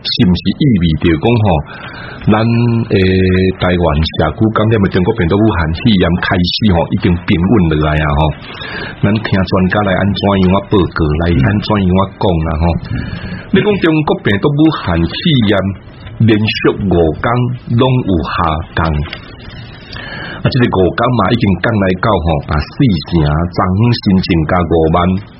是唔是意味着講嗬，咱誒台灣峽谷今日咪中國病毒武漢肺炎開始嗬，已經平穩落來啊嗬，咱聽專家來安怎樣啊報告來，嚟安怎樣啊講啊嗬。你、就、講、是、中國病毒武漢肺炎連續五天攏有下降，啊，即係五天嘛已經降嚟到嗬，啊四成漲先至加五萬。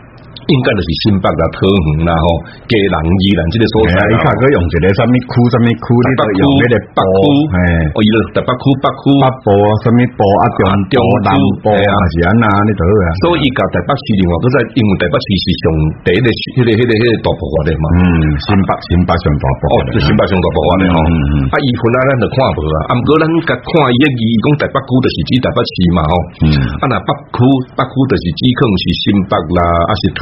應該著是新北啦、桃園啦，吼，嘅人二人即個所在，你睇佢用一個啲物區，咩物區，北區，我用迄個北區、北區、欸，北區，北部啊？掉掉南部啊？是啊，呢度啊。所以甲台北市電話，嗰只因為台北市是上第一啲、迄、嗯那個迄、那個迄、那個大、那個、埔嗰啲嘛。嗯，新北、新北上大埔、啊，就、哦、新北上大埔啊嘛。吼、嗯嗯。啊，伊分啊，咱著看唔到啊。毋過，咱甲看一二講台北區，著是指台北市嘛。吼，啊，若北區、北區，著是指可能是新北啦，啊，是桃。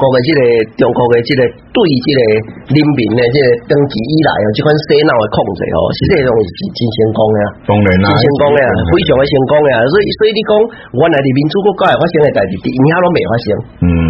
中國的這個，中國嘅這個，對這個人民呢，這長期以來啊，這款洗腦嘅控制哦，這種是真成功的啊，成功的啊，非常嘅成功啊，所、嗯、以、嗯嗯、所以你講，原來民主國家發生嘅代誌，人家都未發生。嗯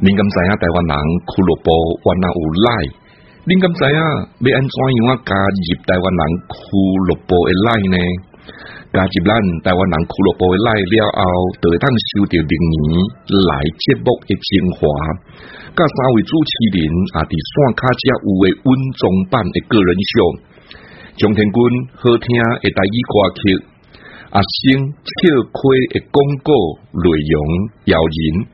年金知啊，台灣人俱樂部原來有拉。年金仔啊，你按怎樣加入台灣人俱樂部的拉呢？加入完台灣人俱樂部的拉了後，就當收到明年來節目嘅精華。咁三位主持人，在人啊，喺線卡只有嘅穩重版嘅個人 show，張天君好聽嘅台語歌曲，阿星笑開嘅廣告內容謠言。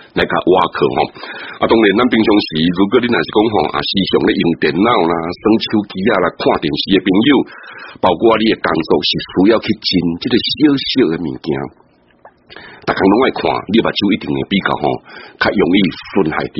來個挖殼啊，當然咱平常時，如果你那是講吼，啊，時常咧用電腦啦、玩手機啊、啦看電視嘅朋友，包括你嘅工作是需要去撿這個小小嘅物件，大家攏愛看，你目睭一定會比較吼，較容易損害著。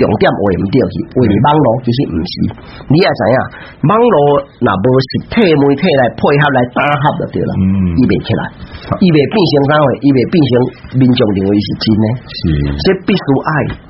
重點話唔對，話網絡其實唔是不、就是，你也知啊，網絡嗱無實體媒體來配合來打合就對了。嗯，依未起來，依未變成啥嘢，依未變成民眾認為是真呢，是，即必須愛。